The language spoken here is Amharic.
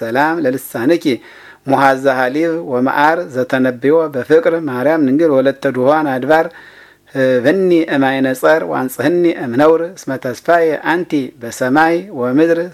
ሰላም ለልሳንኪ ሙሃዛ ሀሊብ ወመዓር ዘተነብዮ በፍቅር ማርያም ንግል ወለተ ድሆን አድባር ህብኒ እማይነጸር ዋንጽህኒ እምነውር እስመ ተስፋዬ አንቲ በሰማይ ወምድር